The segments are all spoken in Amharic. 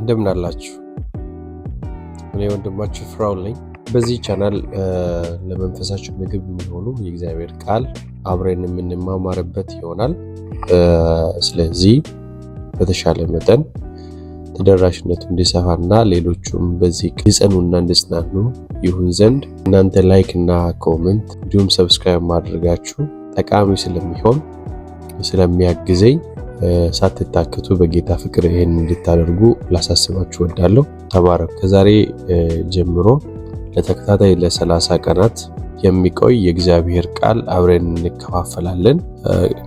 እንደምን አላችሁ? እኔ ወንድማችሁ ፍራውን ነኝ። በዚህ ቻናል ለመንፈሳችሁ ምግብ የሚሆኑ የእግዚአብሔር ቃል አብረን የምንማማርበት ይሆናል። ስለዚህ በተሻለ መጠን ተደራሽነቱ እንዲሰፋና ሌሎቹም በዚህ ሊጸኑና እንዲጽናኑ ይሁን ዘንድ እናንተ ላይክ እና ኮመንት እንዲሁም ሰብስክራይብ ማድረጋችሁ ጠቃሚ ስለሚሆን ስለሚያግዘኝ ሳትታክቱ በጌታ ፍቅር ይህን እንድታደርጉ ላሳስባችሁ ወዳለሁ። ተባረኩ። ከዛሬ ጀምሮ ለተከታታይ ለ30 ቀናት የሚቆይ የእግዚአብሔር ቃል አብረን እንከፋፈላለን።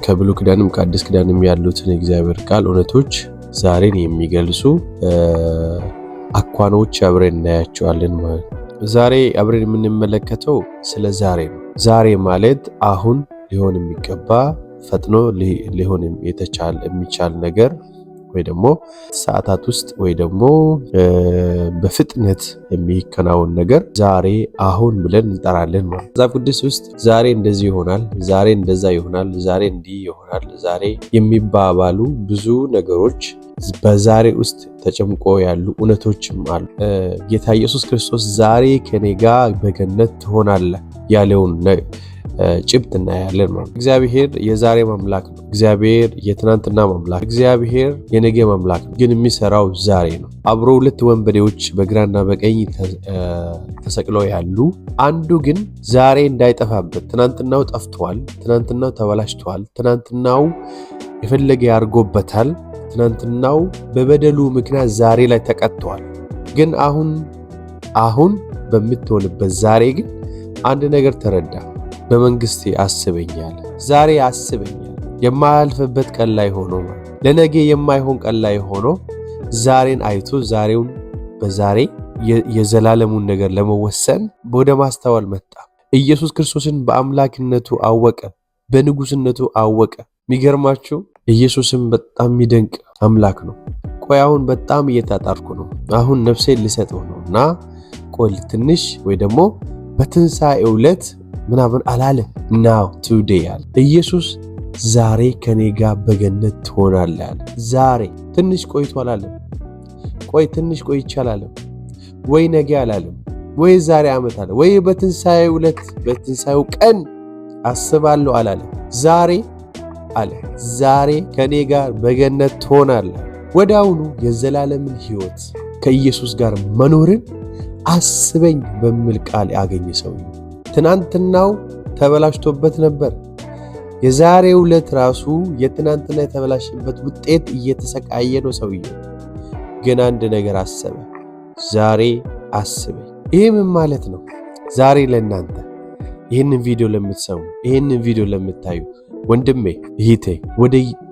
ከብሉ ክዳንም ከአዲስ ክዳንም ያሉትን የእግዚአብሔር ቃል እውነቶች ዛሬን የሚገልጹ አኳኖች አብረን እናያቸዋለን ማለት ነው። ዛሬ አብረን የምንመለከተው ስለ ዛሬ ነው። ዛሬ ማለት አሁን ሊሆን የሚገባ ፈጥኖ ሊሆን የተቻል የሚቻል ነገር ወይ ደግሞ ሰዓታት ውስጥ ወይ ደግሞ በፍጥነት የሚከናወን ነገር ዛሬ አሁን ብለን እንጠራለን ማለት ነው። መጽሐፍ ቅዱስ ውስጥ ዛሬ እንደዚህ ይሆናል፣ ዛሬ እንደዛ ይሆናል፣ ዛሬ እንዲህ ይሆናል፣ ዛሬ የሚባባሉ ብዙ ነገሮች በዛሬ ውስጥ ተጨምቆ ያሉ እውነቶችም አሉ። ጌታ ኢየሱስ ክርስቶስ ዛሬ ከኔ ጋር በገነት ትሆናለህ ያለውን ጭብጥ እናያለን ማለት እግዚአብሔር የዛሬ መምላክ ነው። እግዚአብሔር የትናንትና መምላክ፣ እግዚአብሔር የነገ መምላክ ነው፣ ግን የሚሰራው ዛሬ ነው። አብሮ ሁለት ወንበዴዎች በግራና በቀኝ ተሰቅለው ያሉ፣ አንዱ ግን ዛሬ እንዳይጠፋበት ትናንትናው ጠፍቷል፣ ትናንትናው ተበላሽቷል፣ ትናንትናው የፈለገ ያርጎበታል፣ ትናንትናው በበደሉ ምክንያት ዛሬ ላይ ተቀጥቷል። ግን አሁን አሁን በምትሆንበት ዛሬ ግን አንድ ነገር ተረዳ በመንግስቴ አስበኛል። ዛሬ አስበኛል። የማያልፍበት ቀን ላይ ሆኖ ለነገ የማይሆን ቀን ላይ ሆኖ ዛሬን አይቶ ዛሬውን በዛሬ የዘላለሙን ነገር ለመወሰን ወደ ማስተዋል መጣ። ኢየሱስ ክርስቶስን በአምላክነቱ አወቀ፣ በንጉስነቱ አወቀ። የሚገርማችሁ ኢየሱስን በጣም የሚደንቅ አምላክ ነው። ቆይ አሁን በጣም እየታጣርኩ ነው፣ አሁን ነፍሴን ልሰጠው ነው እና ቆይ ትንሽ ወይ ደግሞ በትንሣኤ ዕለት ምናምን አላለ ናው ቱዴ አለ ኢየሱስ ዛሬ ከኔ ጋር በገነት ትሆናለህ አለ። ዛሬ ትንሽ ቆይቶ አላለም። ቆይ ትንሽ ቆይቼ አላለም ወይ ነገ አላለም ወይ ዛሬ ዓመት አለ ወይ በትንሣኤው ዕለት በትንሣኤው ቀን አስባለሁ አላለ። ዛሬ አለ ዛሬ ከኔ ጋር በገነት ትሆናለህ። ወደ አሁኑ የዘላለምን ሕይወት ከኢየሱስ ጋር መኖርን አስበኝ በሚል ቃል ያገኘ ሰው ትናንትናው ተበላሽቶበት ነበር። የዛሬው ዕለት ራሱ የትናንትና የተበላሸበት ውጤት እየተሰቃየ ነው ሰውየው። ግን አንድ ነገር አሰበ። ዛሬ አስበ ይህ ምን ማለት ነው? ዛሬ ለእናንተ ይህንን ቪዲዮ ለምትሰሙ ይህንን ቪዲዮ ለምታዩ ወንድሜ ይህቴ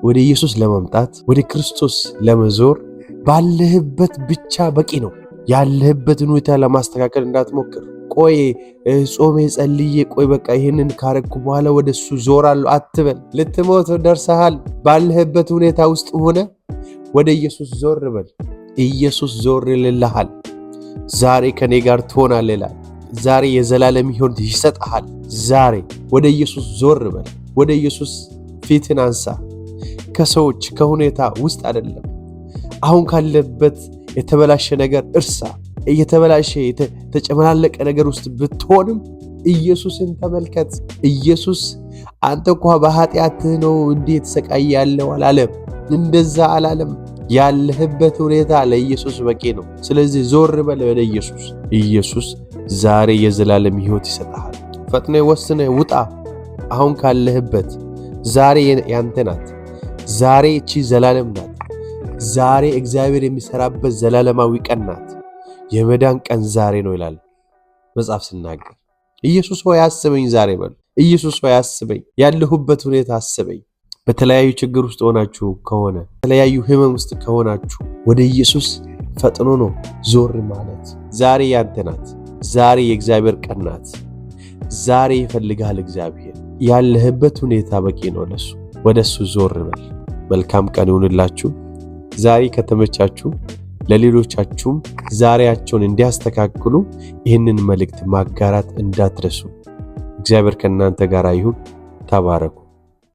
ወደ ኢየሱስ ለመምጣት ወደ ክርስቶስ ለመዞር ባለህበት ብቻ በቂ ነው። ያለህበትን ሁኔታ ለማስተካከል እንዳትሞክር። ቆይ ጾሜ ጸልዬ ቆይ በቃ ይህንን ካረግኩ በኋላ ወደ እሱ ዞራለሁ አትበል። ልትሞት ደርሰሃል። ባለህበት ሁኔታ ውስጥ ሆነ ወደ ኢየሱስ ዞር በል። ኢየሱስ ዞር ይልልሃል። ዛሬ ከኔ ጋር ትሆናል ይላል። ዛሬ የዘላለም ሕይወት ይሰጥሃል። ዛሬ ወደ ኢየሱስ ዞር በል። ወደ ኢየሱስ ፊትን አንሳ። ከሰዎች ከሁኔታ ውስጥ አይደለም። አሁን ካለበት የተበላሸ ነገር እርሳ። እየተበላሸ የተጨመላለቀ ነገር ውስጥ ብትሆንም ኢየሱስን ተመልከት። ኢየሱስ አንተ እንኳ በኃጢአትህ ነው እንዴት ሰቃይ ያለው አላለም። እንደዛ አላለም። ያለህበት ሁኔታ ለኢየሱስ በቂ ነው። ስለዚህ ዞር በል ወደ ኢየሱስ። ኢየሱስ ዛሬ የዘላለም ሕይወት ይሰጣል። ፈጥነ ወስነ ውጣ አሁን ካለህበት። ዛሬ ያንተ ናት። ዛሬ እቺ ዘላለም ናት። ዛሬ እግዚአብሔር የሚሰራበት ዘላለማዊ ቀን ናት። የመዳን ቀን ዛሬ ነው ይላል መጽሐፍ ስናገር። ኢየሱስ ሆይ አስበኝ ዛሬ በሉ። ኢየሱስ ሆይ አስበኝ፣ ያለሁበት ሁኔታ አስበኝ። በተለያዩ ችግር ውስጥ ሆናችሁ ከሆነ በተለያዩ ህመም ውስጥ ከሆናችሁ ወደ ኢየሱስ ፈጥኖ ነው ዞር ማለት። ዛሬ ያንተ ናት። ዛሬ የእግዚአብሔር ቀን ናት። ዛሬ ይፈልግሃል እግዚአብሔር። ያለህበት ሁኔታ በቂ ነው ለሱ። ወደ እሱ ዞር በል። መልካም ቀን ይሁንላችሁ። ዛሬ ከተመቻችሁ ለሌሎቻችሁም ዛሬያቸውን እንዲያስተካክሉ ይህንን መልእክት ማጋራት እንዳትረሱ። እግዚአብሔር ከእናንተ ጋር ይሁን። ተባረኩ።